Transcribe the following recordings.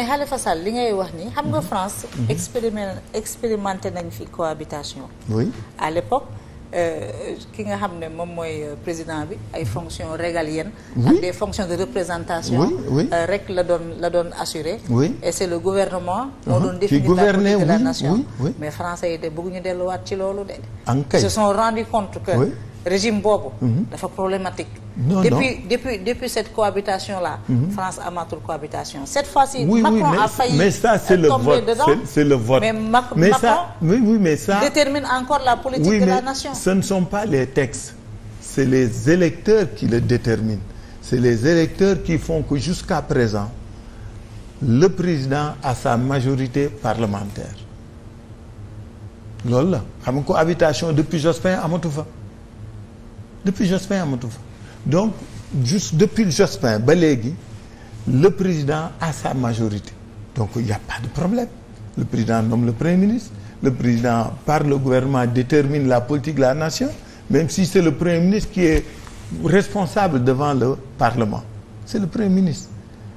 mais Khalifa li ngay wax ni xam nga France. expérimenté expérimenté nañ fi cohabitation. oui à l'époque euh, ki nga xam ne moom mooy euh, président bi ay fonctions régaliennes. ak des fonction de représentation. Euh, rek la doon la doon assuré. oui et c'est le gouvernement. moo uh-huh. doon définir la politique de la nation. mais français de bëgg ñu delluwaat ci loolu de. ils son sont rendu compte que. régime boobu. Mhm. dafa problématique. non depuis depuis depuis cette cohabitation là. Mhm. France amatul cohabitation. cette fois-ci Macron a failli mais ça c'est le vote c'est le vote. mais Macron oui oui mais ça détermine encore la politique de la ce ne sont pas les textes c'est les électeurs qui le déterminent c'est les électeurs qui font que jusqu'à présent le président a sa majorité parlementaire loolu la xam nga cohabitation depuis Jospin amatu fa. depuis Jospin amatu fa donc juste depuis Jospin ba léegi le président a sa majorité donc il y a pas de problème le président nomme le premier ministre le président par le gouvernement détermine la politique de la nation même si c'est le premier ministre qui est responsable devant le parlement c'est le premier ministre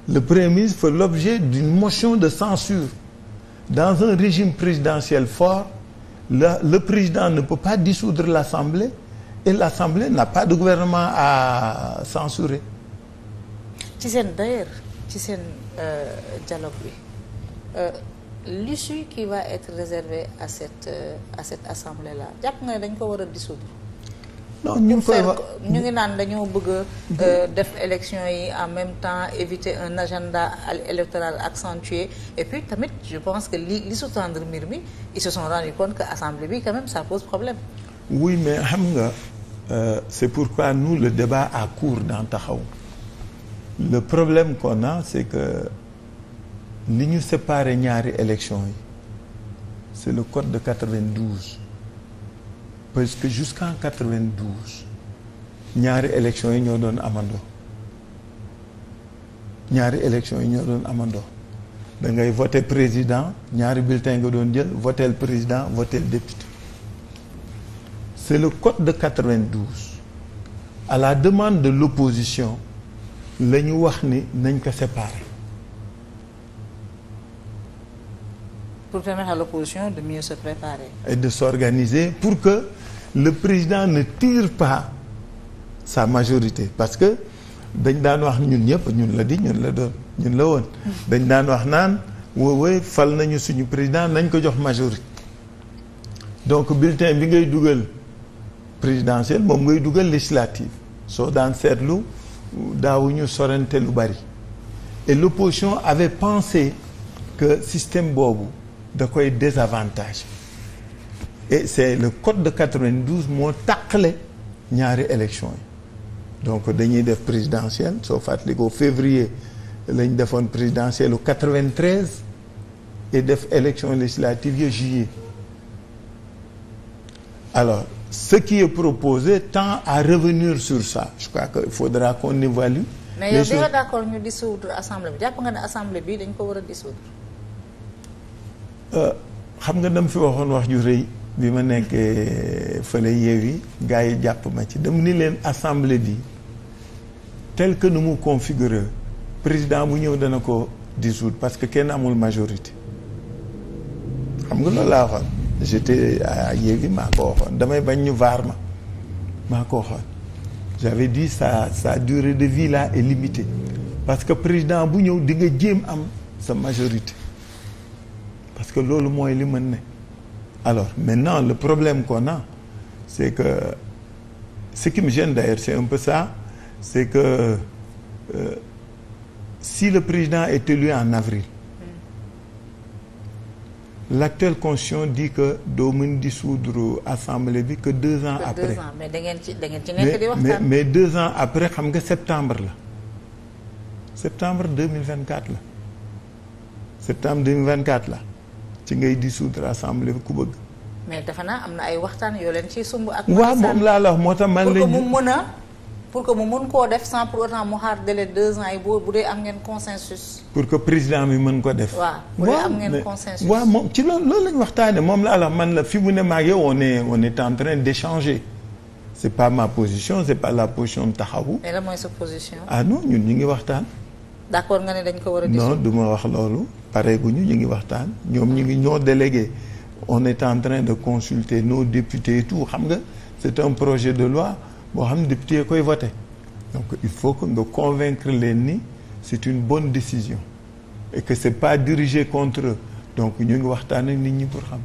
le premier ministre fait l'objet d'une motion de censure dans un régime présidentiel fort le, le président ne peut pas dissoudre l'assemblée et l'Assemblée n'a pa de gouvernement à censurer ci seen d'ailleurs ci seen euh, dialogue li euh, l'issue qui va être réservée à cette euh, à cette assemblée là jàpp nga ne dañ ko war a dissoudre non ñu ngi koy wax ñu ngi naan dañoo bëgg a def élection yi en même temps éviter un agenda électoral accentué et puis tamit je pense que li li sous-tendre mbir mi ils se sont rendu compte que assemblée bi quand sa ça pose problème oui mais xam nga euh, c'est pourquoi nous le débat à cours dans taxaw le problème ko a c'est que ni ñu séparé ñaari élection yi c'est le code de 92 parce que jusqu'en 92 ñaari élection yi ñoo doon amandoo ñaari élection yi ñoo doon amandoo da ngay voter président ñaari bulletin nga doon jël voter président voter le député c'est le code de 92 à la demande de l'opposition la ñu wax ni nañ ko séparer. pour permettre à l'opposition de mieux se préparer. et de s'organiser pour que le président ne tire pas sa majorité parce que dañ daan wax ñun ñëpp ñun la di ñun la doon ñun la woon. dañ daan wax naan woowee fal nañu suñu président nañ ko jox majorité donc bulletin bi ngay dugal. présidentielle moom ngay dugal législative soo daan seetlu daawuñu sorante lu bari et l'opposition avait pensé que système boobu da koy désavantage et c'est le code de 92 moo tàqale ñaari élection yi donc dañuy def présidentielle soo fàttalikoo février lañ defoon présidentielle lu 93 et def élection législative ya juillet alors ce qui est proposé tend à revenir sur ça je crois que il faudra qu'on évalue mais yow di nga d'accord ñu dissoudre assemblée bi jàpp nga ne assemblée bi dañ ko war a dissoudre euh, xam nga dama fi waxoon wax ju rëy bi ma nekkee fële yeew yi gars yi jàpp ma ci dama ni leen assemblée bi tel que nu mu configuré président bu ñëw dana ko dissoudre parce que kenn amul majorité xam nga loolu laa waxoon j'étais à Yévi maa ko waxoon damay bañ ñu vaar ma ma ko waxoon j'avais dit sa sa durée de vie là est limitée parce que président bu ñëw di nga jéem am sa majorité parce que loolu mooy li mën ne alors maintenant le problème qu'on a c'est que ce qui me gêne d'ailleurs c'est un peu ça c'est que euh, si le président est élu en avril l'actuelle constitution dit que doo mën dissoudre assemblée bi que deux ans après mais da ngeen ci da ngeen mais deux ans après xam nga septembre la septembre 2024 la septembre 2024 la ci ngay dissoudre assemblée bi ku bëgg. mais defe naa am na ay waxtaan yoo leen ciy sumb. ak waaw moom laa la wax moo tax man la ñu pour que mu mën a. pour que mu mën koo def sans pour autant mu xaar délai deux ans yi boo bu dee am ngeen consensus. pour que président bi mën ko def. waaw bu dee am ngeen consensus. waaw moom ci loolu loolu la ñu waxtaanee moom la alors man la fi mu ne maa ngi on est on est en train d'échanger c'est pas ma position c'est pas la position taxawu. mais la mooy sa ah non ñun ñu ngi waxtaan. d'accord nga ne dañ ko war a. non du ma wax loolu pareeguñu ñu ñu ngi waxtaan ñoom ñu ngi ñoo délégué on est en train de consulter nos députés et tout xam nga c'est un projet de loi. boo xam ne député yi koy voté donc il faut que nga convaincre leen ni c'est une bonne décision et que c'est pas dirigé contre eux donc ñu ngi waxtaan ak nit ñi pour xam.